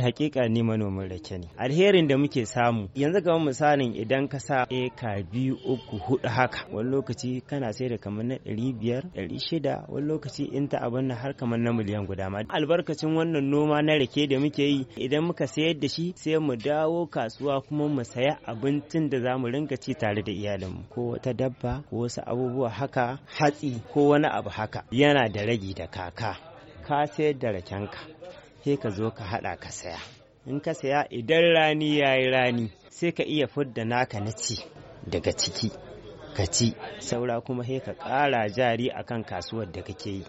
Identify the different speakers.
Speaker 1: Hakika ni manomin rake ne. Alherin da muke samu yanzu kamar misalin idan ka sa eka biyu uku hudu haka wani lokaci kana sai da kamar na ɗari biyar ɗari shida wani lokaci in ta abin na har kamar na miliyan guda ma. Albarkacin wannan noma na rake da muke yi idan muka sayar da shi sai mu dawo kasuwa kuma mu saya abincin da za mu rinka ci tare da iyalinmu ko wata dabba ko wasu abubuwa haka hatsi ko wani abu haka yana da ragi da kaka ka sayar da rakenka sai ka zo ka haɗa ka saya in ka saya idan rani ya yi rani sai ka iya fudda naka na ci daga ciki ka ci saura kuma sai ka ƙara jari akan kasuwar da
Speaker 2: kake yi